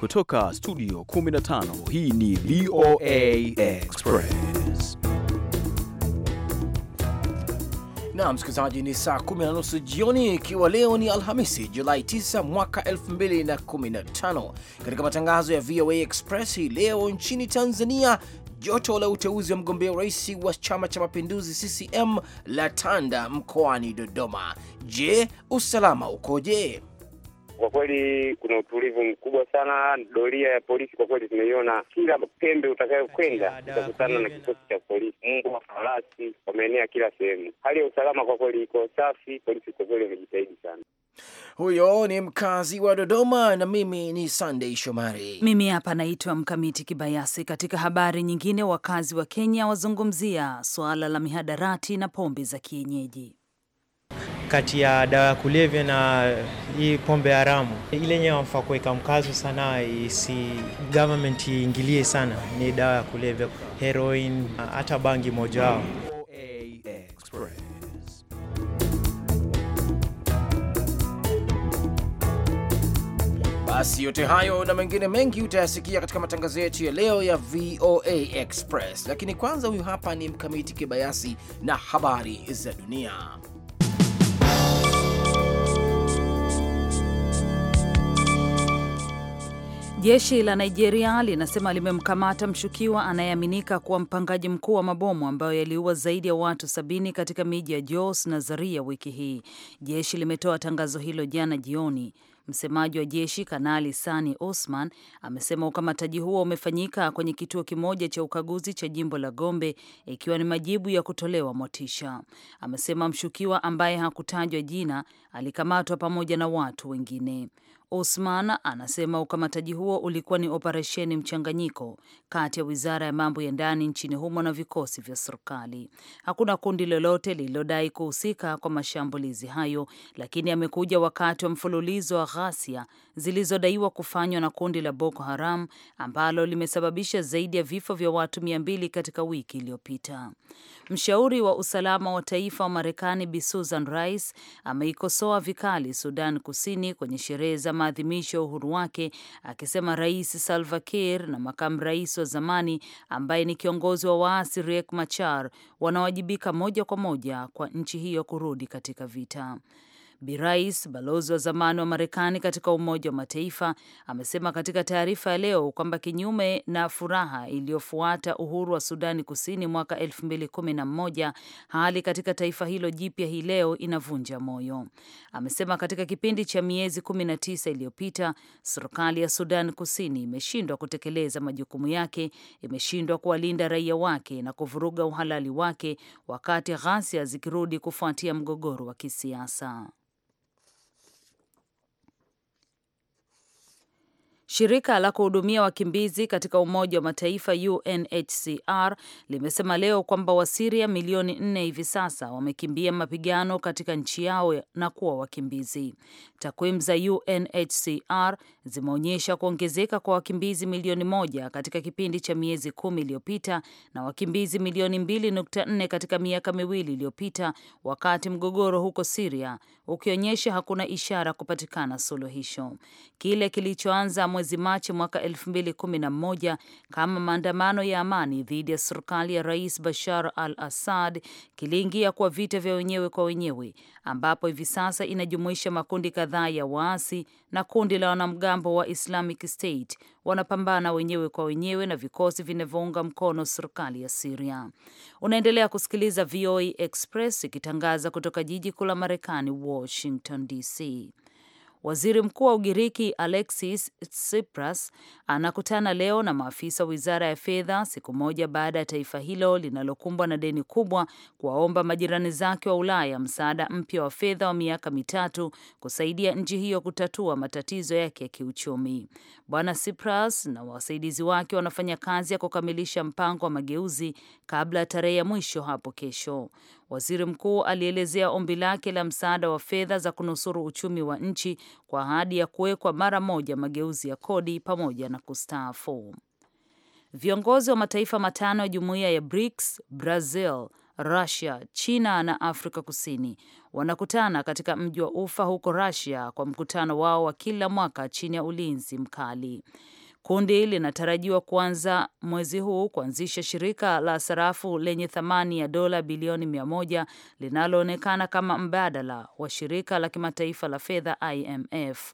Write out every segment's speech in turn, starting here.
Kutoka studio 15 hii ni VOA Express. Na msikilizaji, ni saa kumi na nusu jioni, ikiwa leo ni Alhamisi Julai 9 mwaka 2015. Katika matangazo ya VOA Express hii leo, nchini Tanzania joto la uteuzi wa mgombea urais wa Chama cha Mapinduzi CCM la tanda mkoani Dodoma. Je, usalama ukoje? Kwa kweli kuna utulivu mkubwa sana. Doria ya polisi kwa kweli tumeiona kila pembe utakayokwenda utakutana na kikosi cha polisi, mbwa, farasi wameenea kila sehemu. Hali ya usalama kwa kweli iko safi, polisi kwa kweli wamejitahidi sana. Huyo ni mkazi wa Dodoma na mimi ni Sunday Shomari. Mimi hapa naitwa Mkamiti Kibayasi. Katika habari nyingine, wakazi wa Kenya wazungumzia suala la mihadarati na pombe za kienyeji kati ya dawa ya kulevya na hii pombe haramu. Ile yenyewe wamfaa kuweka mkazo sana, isi government iingilie sana, ni dawa ya kulevya, heroin, hata bangi moja wao. Basi yote hayo na mengine mengi utayasikia katika matangazo yetu ya leo ya VOA Express, lakini kwanza, huyu hapa ni Mkamiti Kibayasi na habari za dunia. Jeshi la Nigeria linasema limemkamata mshukiwa anayeaminika kuwa mpangaji mkuu wa mabomu ambayo yaliua zaidi ya watu sabini katika miji ya Jos na Zaria wiki hii. Jeshi limetoa tangazo hilo jana jioni. Msemaji wa jeshi Kanali Sani Osman amesema ukamataji huo umefanyika kwenye kituo kimoja cha ukaguzi cha jimbo la Gombe, ikiwa ni majibu ya kutolewa motisha. Amesema mshukiwa ambaye hakutajwa jina alikamatwa pamoja na watu wengine. Osman anasema ukamataji huo ulikuwa ni operesheni mchanganyiko kati ya wizara ya mambo ya ndani nchini humo na vikosi vya serikali. Hakuna kundi lolote lililodai kuhusika kwa mashambulizi hayo, lakini amekuja wakati wa mfululizo wa ghasia zilizodaiwa kufanywa na kundi la Boko Haram ambalo limesababisha zaidi ya vifo vya watu mia mbili katika wiki iliyopita. Mshauri wa usalama wa taifa wa Marekani Bi Susan Rice ameikosoa vikali Sudan Kusini kwenye sherehe za maadhimisho ya uhuru wake, akisema Rais Salva Kiir na makamu rais wa zamani ambaye ni kiongozi wa waasi Riek Machar wanawajibika moja kwa moja kwa nchi hiyo kurudi katika vita. Rais, balozi wa zamani wa Marekani katika Umoja wa Mataifa, amesema katika taarifa ya leo kwamba kinyume na furaha iliyofuata uhuru wa Sudani Kusini mwaka 2011 hali katika taifa hilo jipya hii leo inavunja moyo. Amesema katika kipindi cha miezi 19 iliyopita serikali ya Sudan Kusini imeshindwa kutekeleza majukumu yake, imeshindwa kuwalinda raia wake na kuvuruga uhalali wake, wakati ghasia zikirudi kufuatia mgogoro wa kisiasa. Shirika la kuhudumia wakimbizi katika Umoja wa Mataifa UNHCR limesema leo kwamba Wasiria milioni nne hivi sasa wamekimbia mapigano katika nchi yao na kuwa wakimbizi. Takwimu za UNHCR zimeonyesha kuongezeka kwa wakimbizi milioni moja katika kipindi cha miezi kumi iliyopita na wakimbizi milioni mbili nukta nne katika miaka miwili iliyopita, wakati mgogoro huko Siria ukionyesha hakuna ishara kupatikana suluhisho. Kile kilichoanza mwezi Machi mwaka 2011 kama maandamano ya amani dhidi ya serikali ya Rais Bashar al-Assad kiliingia kuwa vita vya wenyewe kwa wenyewe, ambapo hivi sasa inajumuisha makundi kadhaa ya waasi na kundi la wanamgambo wa Islamic State wanapambana wenyewe kwa wenyewe na vikosi vinavyounga mkono serikali ya Syria. Unaendelea kusikiliza VOA Express ikitangaza kutoka jiji kuu la Marekani Washington DC. Waziri Mkuu wa Ugiriki Alexis Tsipras anakutana leo na maafisa wa wizara ya fedha, siku moja baada ya taifa hilo linalokumbwa na deni kubwa kuwaomba majirani zake wa Ulaya msaada mpya wa fedha wa miaka mitatu kusaidia nchi hiyo kutatua matatizo yake ya kiuchumi. Bwana Tsipras na wasaidizi wake wanafanya kazi ya kukamilisha mpango wa mageuzi kabla ya tarehe ya mwisho hapo kesho. Waziri mkuu alielezea ombi lake la msaada wa fedha za kunusuru uchumi wa nchi kwa ahadi ya kuwekwa mara moja mageuzi ya kodi pamoja na kustaafu. Viongozi wa mataifa matano ya jumuiya ya BRICS, Brazil, Russia, China na Afrika Kusini wanakutana katika mji wa Ufa huko Russia kwa mkutano wao wa kila mwaka chini ya ulinzi mkali. Kundi linatarajiwa kuanza mwezi huu kuanzisha shirika la sarafu lenye thamani ya dola bilioni mia moja linaloonekana kama mbadala wa shirika la kimataifa la fedha IMF.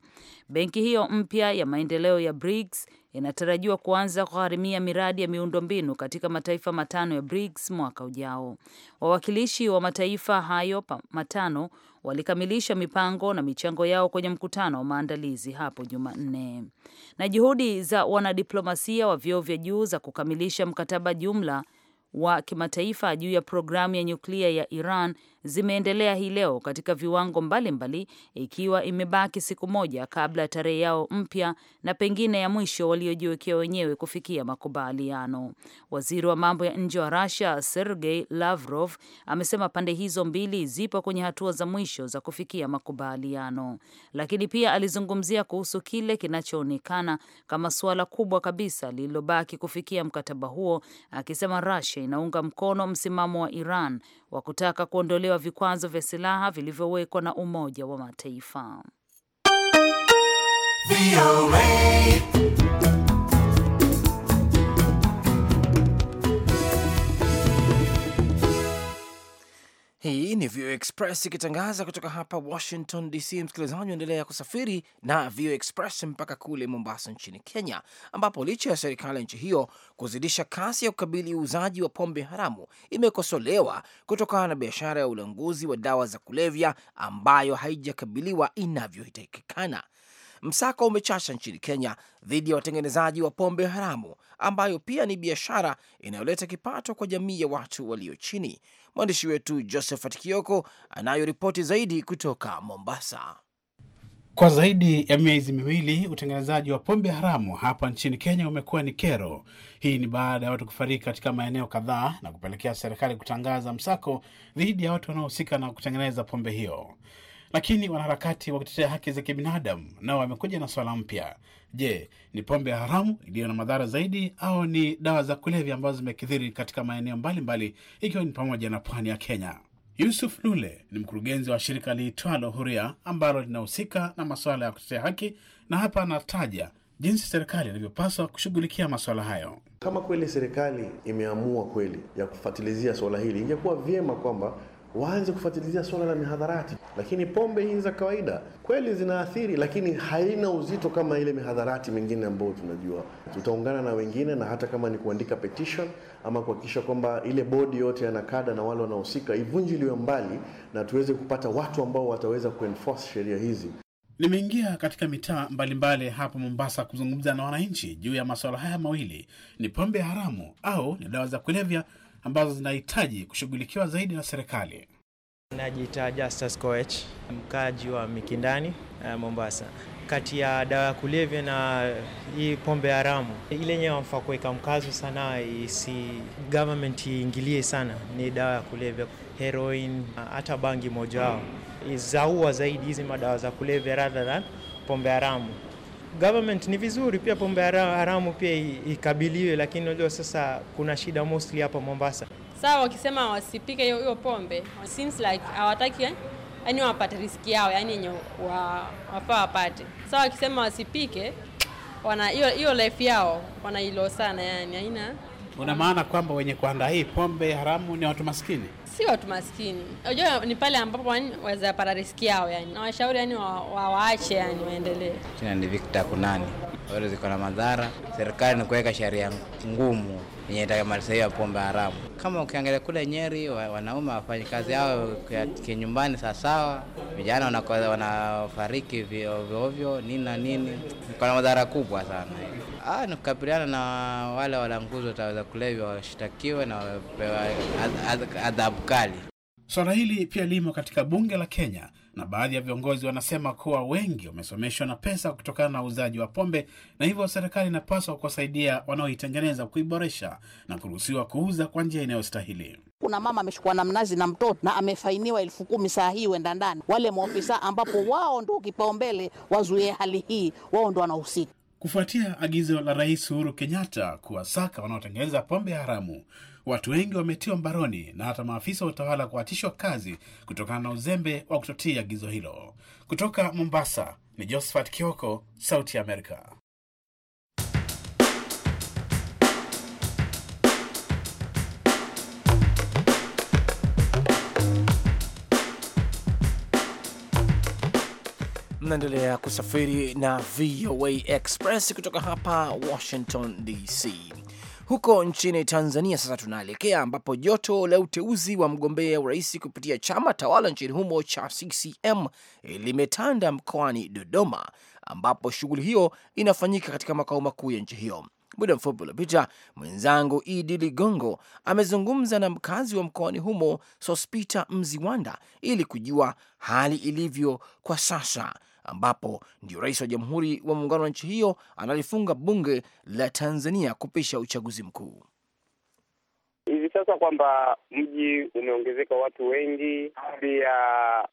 Benki hiyo mpya ya maendeleo ya BRICS inatarajiwa kuanza kugharimia miradi ya miundombinu katika mataifa matano ya BRICS mwaka ujao. Wawakilishi wa mataifa hayo matano walikamilisha mipango na michango yao kwenye mkutano wa maandalizi hapo Jumanne. Na juhudi za wanadiplomasia wa vyeo vya juu za kukamilisha mkataba jumla wa kimataifa juu ya programu ya nyuklia ya Iran zimeendelea hii leo katika viwango mbalimbali mbali, ikiwa imebaki siku moja kabla ya tarehe yao mpya na pengine ya mwisho waliojiwekea wenyewe kufikia makubaliano. Waziri wa mambo ya nje wa Russia Sergei Lavrov amesema pande hizo mbili zipo kwenye hatua za mwisho za kufikia makubaliano, lakini pia alizungumzia kuhusu kile kinachoonekana kama suala kubwa kabisa lililobaki kufikia mkataba huo, akisema Russia inaunga mkono msimamo wa Iran wa kutaka kuondolewa vikwazo vya silaha vilivyowekwa na Umoja wa Mataifa. Hii ni VOA Express ikitangaza kutoka hapa Washington DC. Msikilizaji, endelea kusafiri na VOA Express mpaka kule Mombasa nchini Kenya, ambapo licha ya serikali ya nchi hiyo kuzidisha kasi ya kukabili uuzaji wa pombe haramu, imekosolewa kutokana na biashara ya ulanguzi wa dawa za kulevya ambayo haijakabiliwa inavyohitakikana. Msako umechasha nchini Kenya dhidi ya watengenezaji wa pombe haramu ambayo pia ni biashara inayoleta kipato kwa jamii ya watu walio chini. Mwandishi wetu Josephat Kioko anayo ripoti zaidi kutoka Mombasa. Kwa zaidi ya miezi miwili utengenezaji wa pombe haramu hapa nchini Kenya umekuwa ni kero. Hii ni baada ya watu kufariki katika maeneo kadhaa na kupelekea serikali kutangaza msako dhidi ya watu wanaohusika na kutengeneza pombe hiyo. Lakini wanaharakati wa kutetea haki za kibinadamu nao wamekuja na swala mpya. Je, ni pombe ya haramu iliyo na madhara zaidi au ni dawa za kulevya ambazo zimekithiri katika maeneo mbalimbali ikiwa ni pamoja na pwani ya Kenya? Yusuf Lule ni mkurugenzi wa shirika liitwalo Huria ambalo linahusika na masuala ya kutetea haki, na hapa anataja jinsi serikali inavyopaswa kushughulikia masuala hayo. Kama kweli serikali imeamua kweli ya kufatilizia suala hili, ingekuwa vyema kwamba waanze kufuatilia swala la mihadharati. Lakini pombe hizi za kawaida kweli zinaathiri, lakini haina uzito kama ile mihadharati mingine ambayo tunajua. Tutaungana na wengine, na hata kama ni kuandika petition ama kuhakikisha kwamba ile bodi yote ya NACADA na wale wanaohusika ivunjiliwe mbali na tuweze kupata watu ambao wataweza kuenforce sheria hizi. Nimeingia katika mitaa mbalimbali hapa Mombasa kuzungumza na wananchi juu ya masuala haya mawili: ni pombe haramu au ni dawa za kulevya ambazo zinahitaji kushughulikiwa zaidi na serikali. najita Justus Koech, mkaji wa Mikindani, eh, Mombasa. Kati ya dawa ya kulevya na eh, hii pombe haramu, ile yenyewe wamfaa kuweka mkazo sana, isi government iingilie sana, ni dawa ya kulevya, heroin, hata bangi moja wao zaidi hizi madawa za kulevya rather than pombe haramu government ni vizuri pia pombe haramu pia ikabiliwe, lakini unajua sasa kuna shida mostly hapa Mombasa. Sawa, wakisema wasipike hiyo pombe seems like hawataki eh? yani wapate riski yao yani yenye wa, wafaa wapate. Sawa, wakisema wasipike wana hiyo life yao wanailo sana yani haina Una maana kwamba wenye kuandaa hii pombe haramu ni watu maskini? Si watu maskini, unajua ni pale ambapo waweza para riski yao, yani na washauri yani wawaache wa yani waendelee. Jina ni Victor Kunani. Ziko na madhara, serikali ni kuweka sheria ngumu yenye itakamalisaidia ya pombe haramu. Kama ukiangalia kule Nyeri, wanaume wafanyi kazi yao kinyumbani sawasawa, vijana wanafariki vyovyovyo nini na nini, kuna madhara kubwa sana. Ah, ni kukabiliana na wale walanguzi wataweza kulevya, washtakiwe na wapewa adhabu kali. Swala hili pia limo katika bunge la Kenya na baadhi ya viongozi wanasema kuwa wengi wamesomeshwa na pesa kutokana na uuzaji wa pombe, na hivyo serikali inapaswa kuwasaidia wanaoitengeneza kuiboresha na kuruhusiwa kuuza kwa njia inayostahili. Kuna mama ameshukua na mnazi na mtoto na amefainiwa elfu kumi saa hii wenda ndani. Wale maofisa ambapo wao ndo kipaumbele wazuie hali hii, wao ndo wanahusika. Kufuatia agizo la Rais Uhuru Kenyatta kuwasaka wanaotengeneza pombe haramu, Watu wengi wametiwa mbaroni na hata maafisa wa utawala kuhatishwa kazi kutokana na uzembe wa kutotii agizo hilo. Kutoka Mombasa ni Josephat Kioko, Sauti ya Amerika. Mnaendelea kusafiri na VOA Express kutoka hapa Washington DC. Huko nchini Tanzania sasa tunaelekea ambapo joto la uteuzi wa mgombea urais kupitia chama tawala nchini humo cha CCM limetanda mkoani Dodoma, ambapo shughuli hiyo inafanyika katika makao makuu ya nchi hiyo. Muda mfupi uliopita mwenzangu Idi Ligongo amezungumza na mkazi wa mkoani humo Sospita Mziwanda ili kujua hali ilivyo kwa sasa ambapo ndio rais wa Jamhuri wa Muungano wa nchi hiyo analifunga bunge la Tanzania kupisha uchaguzi mkuu sasa kwamba mji umeongezeka watu wengi, hali ya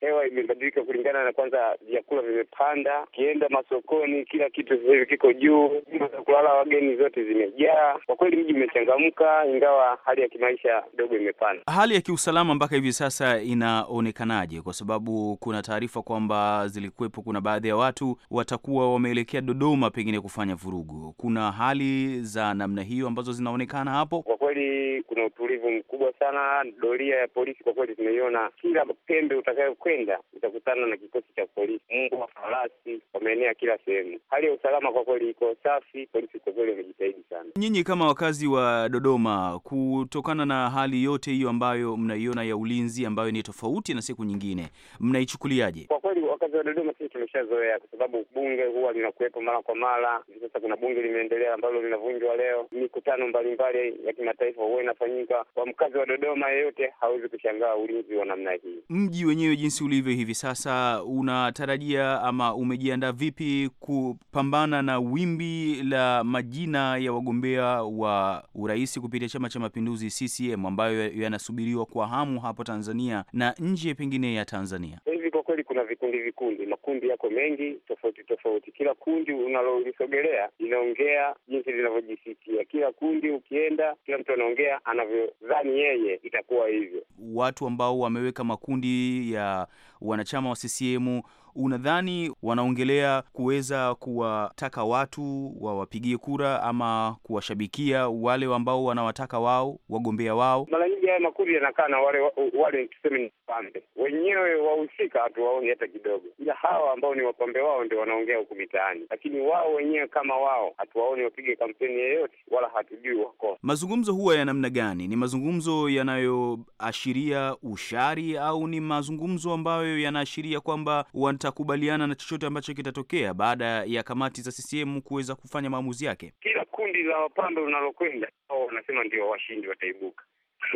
hewa imebadilika kulingana na kwanza, vyakula vimepanda, ukienda masokoni kila kitu sasa hivi kiko juu, nyumba za kulala wageni zote zimejaa. Kwa kweli mji umechangamka, ingawa hali ya kimaisha kidogo imepanda. Hali ya kiusalama mpaka hivi sasa inaonekanaje? Kwa sababu kuna taarifa kwamba zilikuwepo, kuna baadhi ya watu watakuwa wameelekea Dodoma pengine kufanya vurugu. Kuna hali za namna hiyo ambazo zinaonekana hapo? Kwa kweli kuna utulivu utulivu mkubwa sana. Doria ya polisi kwa kweli tumeiona, kila pembe utakayokwenda utakutana na kikosi cha polisi, mbwa, farasi wameenea kila sehemu. Hali ya usalama kwa kweli iko safi, polisi kwa kweli wamejitahidi sana. Nyinyi kama wakazi wa Dodoma, kutokana na hali yote hiyo ambayo mnaiona ya ulinzi ambayo ni tofauti na siku nyingine, mnaichukuliaje? Kwa kweli wakazi wa Dodoma sisi tumeshazoea, kwa sababu bunge huwa linakuwepo mara kwa mara. Hivi sasa kuna bunge limeendelea ambalo linavunjwa leo, mikutano mbalimbali ya kimataifa huwa inafanyika kwa mkazi wa Dodoma yeyote hawezi kushangaa ulinzi wa namna hii. Mji wenyewe jinsi ulivyo hivi sasa, unatarajia ama umejiandaa vipi kupambana na wimbi la majina ya wagombea wa urais kupitia Chama cha Mapinduzi CCM ambayo yanasubiriwa kwa hamu hapo Tanzania na nje pengine ya Tanzania? kweli kuna vikundi vikundi, makundi yako mengi tofauti tofauti. Kila kundi unalolisogelea linaongea jinsi linavyojisikia. Kila kundi ukienda, kila mtu anaongea anavyodhani yeye itakuwa hivyo. Watu ambao wameweka makundi ya wanachama wa CCM unadhani wanaongelea kuweza kuwataka watu wawapigie kura ama kuwashabikia wale ambao wanawataka wao wagombea wao? Mara nyingi haya makundi yanakaa na wale wale tuseme ni wapambe wenyewe, wahusika hatuwaoni hata kidogo, ila hawa ambao ni wapambe wao ndio wanaongea huku mitaani, lakini wao wenyewe kama wao hatuwaoni wapige kampeni yeyote, wala hatujui wako. Mazungumzo huwa ya namna gani? Ni mazungumzo yanayoashiria ushari au ni mazungumzo ambayo yanaashiria kwamba wan watakubaliana na chochote ambacho kitatokea baada ya kamati za CCM kuweza kufanya maamuzi yake? Kila kundi la wapambe unalokwenda wanasema ndio washindi wataibuka.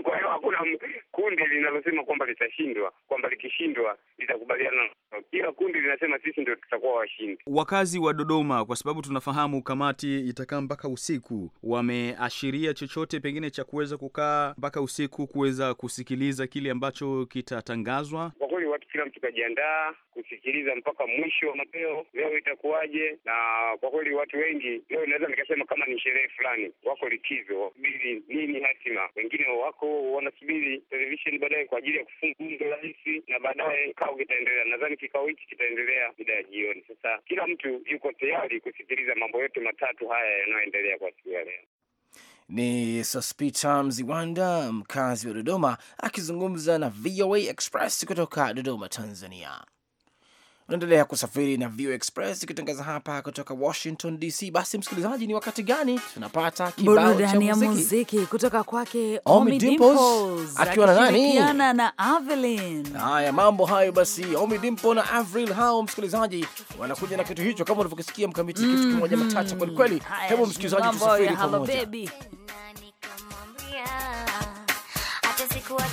Kwa hiyo hakuna kundi linalosema kwamba litashindwa, kwamba likishindwa litakubaliana. Kila kundi linasema sisi ndio tutakuwa washindi. Wakazi wa Dodoma, kwa sababu tunafahamu kamati itakaa mpaka usiku, wameashiria chochote pengine cha kuweza kukaa mpaka usiku kuweza kusikiliza kile ambacho kitatangazwa vizuri, watu kila mtu kajiandaa kusikiliza mpaka mwisho wa mapeo, leo itakuwaje. Na kwa kweli watu wengi leo, inaweza nikasema kama ni sherehe fulani, wako likizo, wasubiri nini hatima, wengine wako wanasubiri televisheni baadaye kwa ajili ya kufunga bunge la rais, na baadaye kikao kitaendelea. Nadhani kikao hiki kitaendelea mida ya jioni. Sasa kila mtu yuko tayari kusikiliza mambo yote matatu haya yanayoendelea kwa siku ya leo. Ni Sospita Mziwanda, mkazi wa Dodoma, akizungumza na VOA Express kutoka Dodoma, Tanzania. Unaendelea kusafiri na VOA Express ikitangaza hapa kutoka Washington DC. Basi msikilizaji, ni wakati gani tunapata burudani ya muziki kutoka kwake Omi Dimples akiwa na nani na Avelin. Haya, mambo hayo basi, Omi Dimpo na Avril hao, msikilizaji, wanakuja na kitu hicho kama ulivyokisikia mkamiti, kitu kimoja matata kwelikweli. Mm, Hebu msikilizaji, tusafiri pamoja.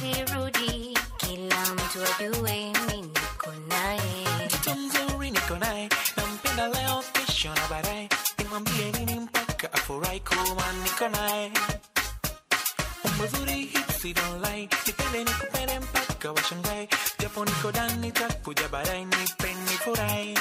nikirudi, kila mtu ajue mi niko naye. Mtu mzuri niko naye, nampenda leo, kesho na baadaye, nimwambie nini mpaka afurahi kuwa niko naye. Mazuri hipsi don't lie, nipende nikupende mpaka washangae, japo niko ndani takuja baadaye, nipende furahi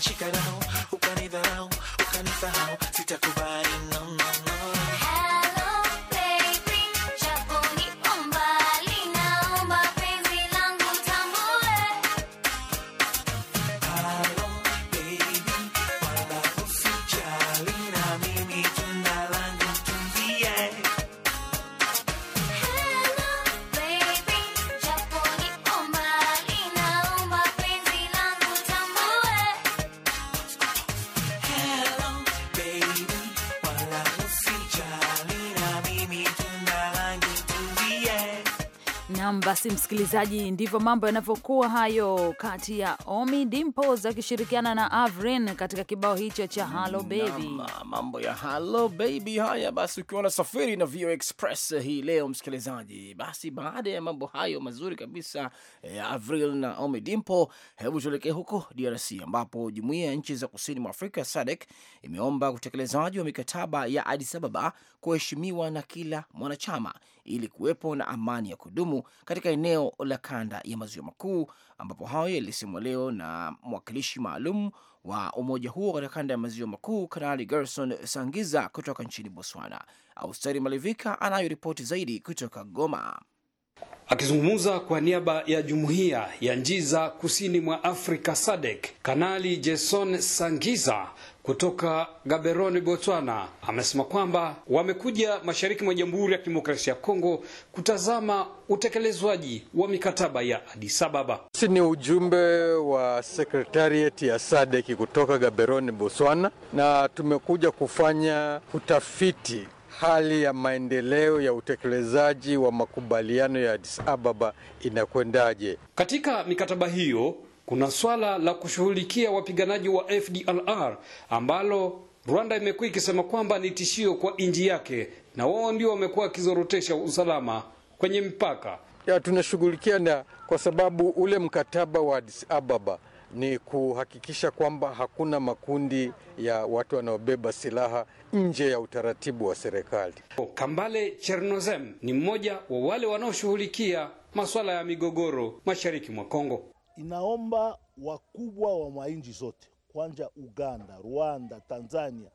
Shika na hao, ukanidharau, ukanisahau, sitakubali msikilizaji, ndivyo mambo yanavyokuwa hayo kati ya Omi Dimples akishirikiana na avrin katika kibao hicho cha Halo Baby. Mambo ya Halo Baby haya basi, ukiwa na safiri na Vio Express hii leo msikilizaji, basi baada ya mambo hayo mazuri kabisa ya Avril na Omi Dimple, hebu tuelekee huko DRC ambapo jumuiya ya nchi za kusini mwa Afrika SADC imeomba utekelezaji wa mikataba ya Addis Ababa kuheshimiwa na kila mwanachama ili kuwepo na amani ya kudumu katika eneo la kanda ya maziwa makuu, ambapo hayo yalisemwa leo na mwakilishi maalum wa umoja huo katika kanda ya maziwa makuu, Kanali Gerson Sangiza kutoka nchini Botswana. Austeri Malivika anayo ripoti zaidi kutoka Goma. Akizungumza kwa niaba ya jumuiya ya nchi za kusini mwa Afrika SADC, Kanali Jason Sangiza kutoka gaberoni Botswana, amesema kwamba wamekuja mashariki mwa Jamhuri ya Kidemokrasia ya Kongo kutazama utekelezwaji wa mikataba ya Addis Ababa. Si ni ujumbe wa sekretariat ya SADC kutoka gaberoni Botswana, na tumekuja kufanya utafiti hali ya maendeleo ya utekelezaji wa makubaliano ya Addis Ababa inakwendaje katika mikataba hiyo kuna swala la kushughulikia wapiganaji wa FDLR ambalo Rwanda imekuwa ikisema kwamba ni tishio kwa nchi yake, na wao ndio wamekuwa wakizorotesha usalama kwenye mpaka ya tunashughulikia, na kwa sababu ule mkataba wa Addis Ababa ni kuhakikisha kwamba hakuna makundi ya watu wanaobeba silaha nje ya utaratibu wa serikali. Kambale Chernozem ni mmoja wa wale wanaoshughulikia masuala ya migogoro mashariki mwa Kongo inaomba wakubwa wa mainji zote kwanja Uganda, Rwanda, Tanzania,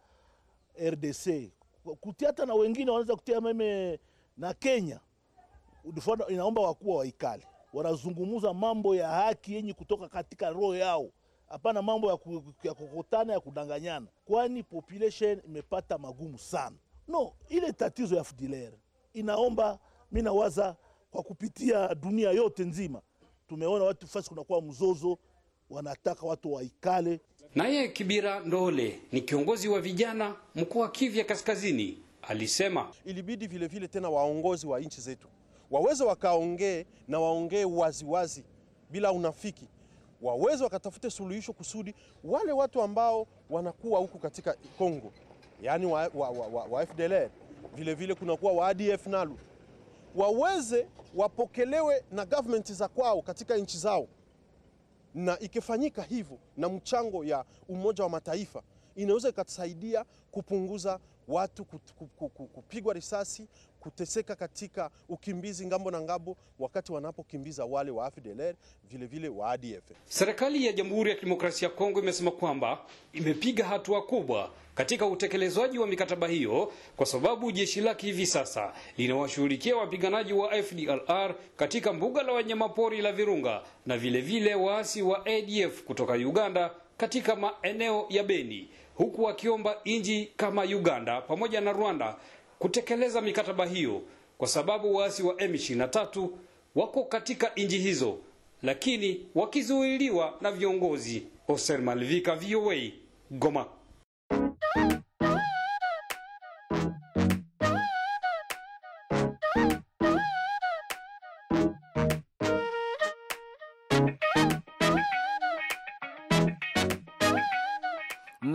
RDC kutiata hata na wengine wanaweza kutia meme na Kenya. Udufana inaomba wakubwa waikale wanazungumuza mambo ya haki yenye kutoka katika roho yao, hapana mambo ya, ku, ya kukutana ya kudanganyana, kwani population imepata magumu sana. No, ile tatizo ya FDLR inaomba, mimi nawaza kwa kupitia dunia yote nzima tumeona watu fasi kunakuwa mzozo, wanataka watu waikale. Naye Kibira Ndole ni kiongozi wa vijana mkoa wa Kivu Kaskazini, alisema ilibidi vilevile vile tena waongozi wa nchi zetu waweze wakaongee na waongee waziwazi bila unafiki, waweze wakatafute suluhisho kusudi wale watu ambao wanakuwa huku katika Kongo, yaani wa, wa, wa, wa, wa vile vilevile kunakuwa wa ADF nalu waweze wapokelewe na government za kwao katika nchi zao, na ikifanyika hivyo na mchango ya Umoja wa Mataifa inaweza ikatusaidia kupunguza watu kupigwa risasi, kuteseka katika ukimbizi ngambo na ngambo, wakati wanapokimbiza wale wa AFDLR vile vile wa ADF. Serikali ya Jamhuri ya Kidemokrasia ya Kongo imesema kwamba imepiga hatua kubwa katika utekelezwaji wa mikataba hiyo kwa sababu jeshi lake hivi sasa linawashughulikia wapiganaji wa FDLR katika mbuga la wanyamapori la Virunga na vilevile waasi wa ADF kutoka Uganda katika maeneo ya Beni, huku wakiomba nchi kama Uganda pamoja na Rwanda kutekeleza mikataba hiyo, kwa sababu waasi wa M23 wako katika nchi hizo, lakini wakizuiliwa na viongozi. Oser Malvika, VOA, Goma.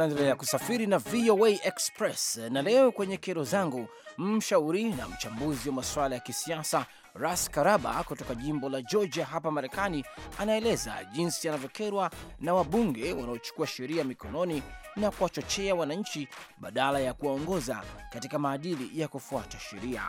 mnaendelea kusafiri na VOA Express na leo kwenye kero zangu, mshauri na mchambuzi wa masuala ya kisiasa Ras Karaba kutoka jimbo la Georgia hapa Marekani anaeleza jinsi anavyokerwa na wabunge wanaochukua sheria mikononi na kuwachochea wananchi badala ya kuwaongoza katika maadili ya kufuata sheria.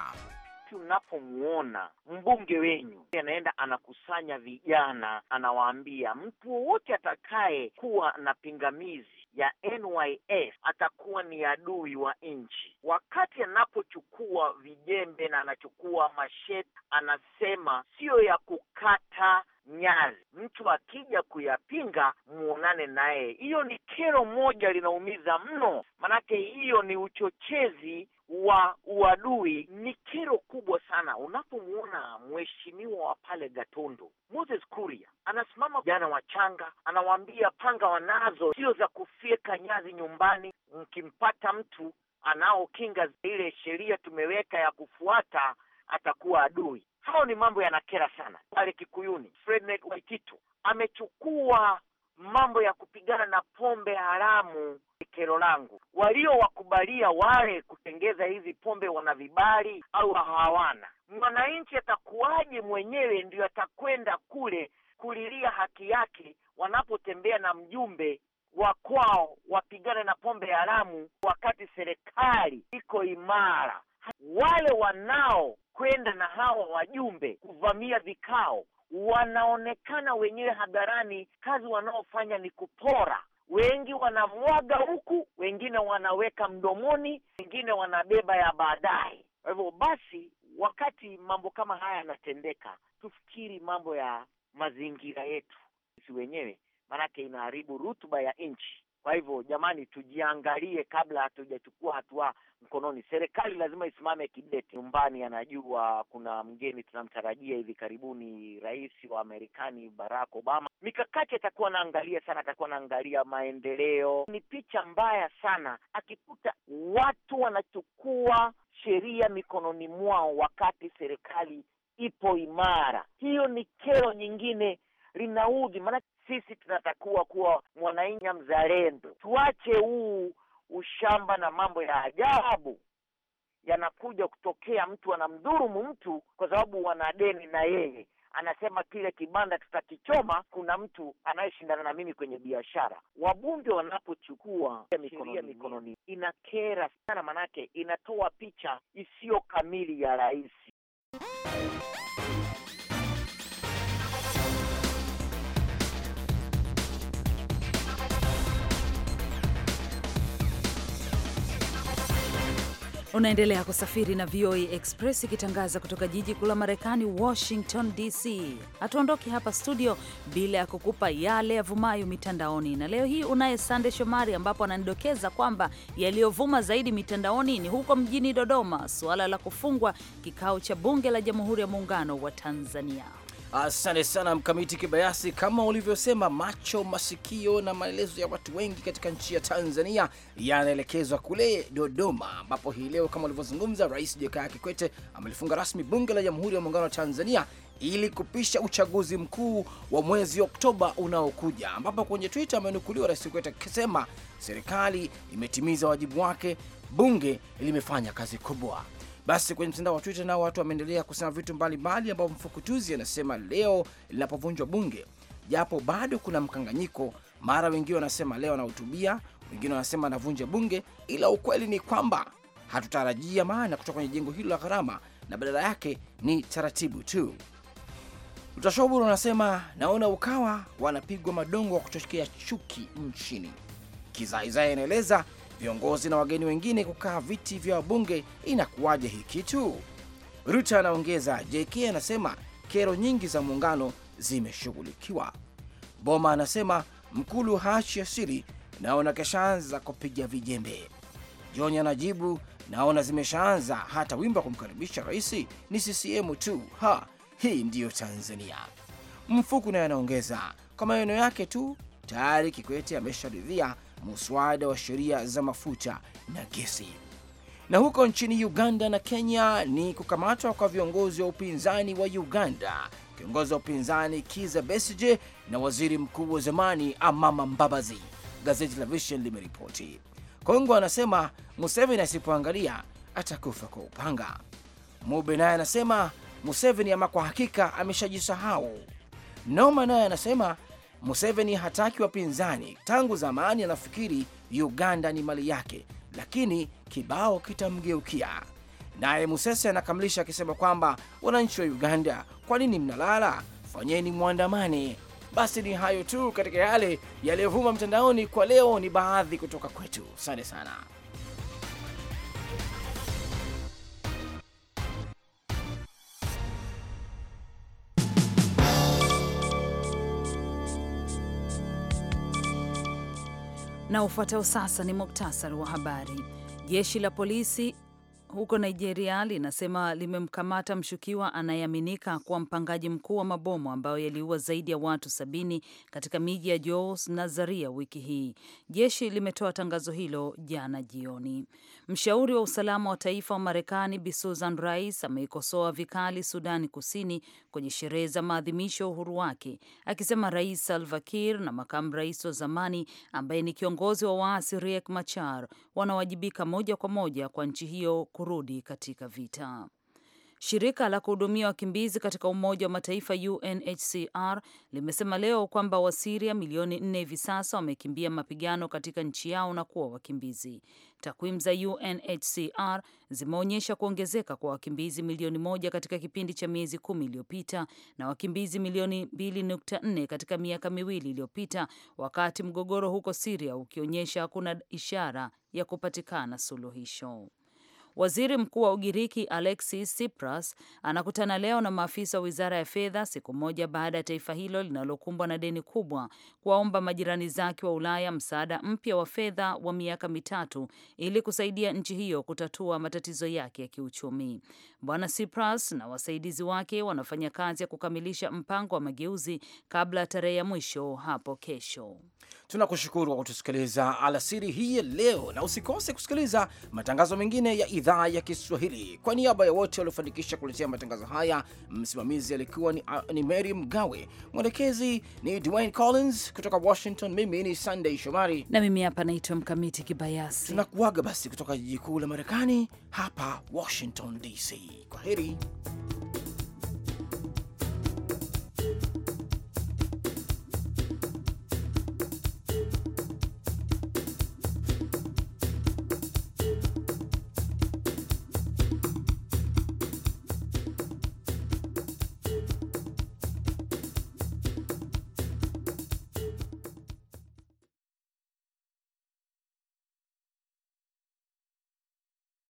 Unapomwona mbunge wenyu anaenda anakusanya vijana, anawaambia mtu wowote atakaye kuwa na pingamizi ya NYS atakuwa ni adui wa nchi. Wakati anapochukua vijembe na anachukua mashete, anasema siyo ya kukata nyazi, mtu akija kuyapinga muonane naye. Hiyo ni kero moja linaumiza mno, manake hiyo ni uchochezi wa uadui ni kero kubwa sana. Unapomwona mheshimiwa wa pale Gatondo Moses Kuria anasimama wa wachanga, anawaambia panga wanazo sio za kufyeka nyazi nyumbani, mkimpata mtu anao kinga ile sheria tumeweka ya kufuata, atakuwa adui. Hayo ni mambo yanakera sana. Pale Kikuyuni, Fred Waititu amechukua mambo ya kupigana na pombe haramu kero langu. Waliowakubalia wale kutengeza hizi pombe wana vibali au hawana? Mwananchi atakuwaje? Mwenyewe ndio atakwenda kule kulilia haki yake wanapotembea na mjumbe wa kwao wapigane na pombe haramu, wakati serikali iko imara. Wale wanao kwenda na hawa wajumbe kuvamia vikao wanaonekana wenyewe hadharani, kazi wanaofanya ni kupora. Wengi wanamwaga huku, wengine wanaweka mdomoni, wengine wanabeba ya baadaye. Kwa hivyo basi, wakati mambo kama haya yanatendeka, tufikiri mambo ya mazingira yetu sisi wenyewe, maanake inaharibu rutuba ya nchi. Kwa hivyo jamani, tujiangalie kabla hatujachukua hatua mkononi. Serikali lazima isimame kidete. Nyumbani anajua kuna mgeni tunamtarajia hivi karibuni, rais wa Marekani Barack Obama. Mikakati atakuwa anaangalia sana, atakuwa anaangalia maendeleo. Ni picha mbaya sana akikuta watu wanachukua sheria mikononi mwao wakati serikali ipo imara. Hiyo ni kero nyingine linaudhi, maanake sisi tunatakiwa kuwa mwananchi mzalendo, tuache huu ushamba na mambo ya ajabu yanakuja kutokea, mtu anamdhurumu mtu kwa sababu wana deni na yeye anasema kile kibanda tutakichoma. Kuna mtu anayeshindana na mimi kwenye biashara. Wabunge wanapochukua mikononi mikononi, inakera sana, manake inatoa picha isiyo kamili ya rais. Unaendelea kusafiri na VOA e Express ikitangaza kutoka jiji kuu la Marekani, Washington DC. Hatuondoki hapa studio bila ya kukupa yale yavumayo mitandaoni, na leo hii unaye Sande Shomari, ambapo ananidokeza kwamba yaliyovuma zaidi mitandaoni ni huko mjini Dodoma, suala la kufungwa kikao cha bunge la Jamhuri ya Muungano wa Tanzania. Asante sana Mkamiti Kibayasi, kama ulivyosema, macho, masikio na maelezo ya watu wengi katika nchi ya Tanzania yanaelekezwa kule Dodoma, ambapo hii leo kama ulivyozungumza, Rais Jakaya Kikwete amelifunga rasmi Bunge la Jamhuri ya Muungano wa Tanzania ili kupisha uchaguzi mkuu wa mwezi Oktoba unaokuja, ambapo kwenye Twitter amenukuliwa Rais Kikwete akisema serikali imetimiza wajibu wake, bunge limefanya kazi kubwa. Basi kwenye mtandao wa Twitter nao watu wameendelea kusema vitu mbalimbali, ambapo Mfukutuzi anasema leo linapovunjwa bunge, japo bado kuna mkanganyiko, mara wengine wanasema leo anahutubia, wengine wanasema anavunja bunge, ila ukweli ni kwamba hatutarajia maana kutoka kwenye jengo hilo la gharama, na badala yake ni taratibu tu. Utashoburu anasema naona Ukawa wanapigwa madongo wa kuchochea chuki nchini. Kizaizai anaeleza viongozi na wageni wengine kukaa viti vya wabunge. Inakuwaje hii kitu? Ruta anaongeza. JK anasema kero nyingi za muungano zimeshughulikiwa. Boma anasema Mkulu haachi asiri, naona keshaanza kupiga vijembe. Joni anajibu naona zimeshaanza, hata wimbo wa kumkaribisha raisi ni CCM tu. Ha, hii ndiyo Tanzania. Mfuku naye anaongeza kwa maneno yake tu, tayari Kikwete amesharidhia muswada wa sheria za mafuta na gesi. Na huko nchini Uganda na Kenya ni kukamatwa kwa viongozi wa upinzani wa Uganda, kiongozi wa upinzani Kiza Besige na waziri mkuu wa zamani Amama Mbabazi, gazeti la Vision limeripoti. Kongo anasema Museveni asipoangalia atakufa kwa upanga. Mube naye anasema Museveni ama kwa hakika ameshajisahau. Noma naye anasema Museveni hataki wapinzani, tangu zamani anafikiri Uganda ni mali yake, lakini kibao kitamgeukia. Naye Musese anakamilisha akisema kwamba wananchi wa Uganda, kwa nini mnalala? Fanyeni mwandamane. Basi ni hayo tu katika yale yaliyovuma mtandaoni kwa leo. Ni baadhi kutoka kwetu. Asante sana. Na ufuatao sasa ni muktasari wa habari. Jeshi la polisi huko Nigeria linasema limemkamata mshukiwa anayeaminika kuwa mpangaji mkuu wa mabomu ambayo yaliua zaidi ya watu sabini katika miji ya Jos na Zaria wiki hii. Jeshi limetoa tangazo hilo jana jioni. Mshauri wa usalama wa taifa wa Marekani Bi Susan Rice ameikosoa vikali Sudani Kusini kwenye sherehe za maadhimisho ya uhuru wake, akisema Rais Salva Kiir na makamu rais wa zamani ambaye ni kiongozi wa waasi Riek Machar wanawajibika moja kwa moja kwa nchi hiyo kurudi katika vita. Shirika la kuhudumia wakimbizi katika Umoja wa Mataifa UNHCR limesema leo kwamba Wasiria milioni nne hivi sasa wamekimbia mapigano katika nchi yao na kuwa wakimbizi. Takwimu za UNHCR zimeonyesha kuongezeka kwa wakimbizi milioni moja katika kipindi cha miezi kumi iliyopita na wakimbizi milioni mbili nukta nne katika miaka miwili iliyopita, wakati mgogoro huko Siria ukionyesha hakuna ishara ya kupatikana suluhisho. Waziri Mkuu wa Ugiriki Alexis Tsipras anakutana leo na maafisa wa wizara ya fedha siku moja baada ya taifa hilo linalokumbwa na deni kubwa kuwaomba majirani zake wa Ulaya msaada mpya wa fedha wa miaka mitatu ili kusaidia nchi hiyo kutatua matatizo yake ya kiuchumi. Bwana Tsipras na wasaidizi wake wanafanya kazi ya kukamilisha mpango wa mageuzi kabla ya tarehe ya mwisho hapo kesho. Tunakushukuru kwa kutusikiliza alasiri hii ya leo, na usikose kusikiliza matangazo mengine ya idhaa ya Kiswahili. Kwa niaba ya wote waliofanikisha kuletea matangazo haya, msimamizi alikuwa ni, ni Mary Mgawe, mwelekezi ni Dwayne Collins kutoka Washington. Mimi ni Sunday Shomari na mimi hapa naitwa Mkamiti Kibayasi. Tunakuaga basi kutoka jiji kuu la Marekani hapa Washington DC. Kwa heri.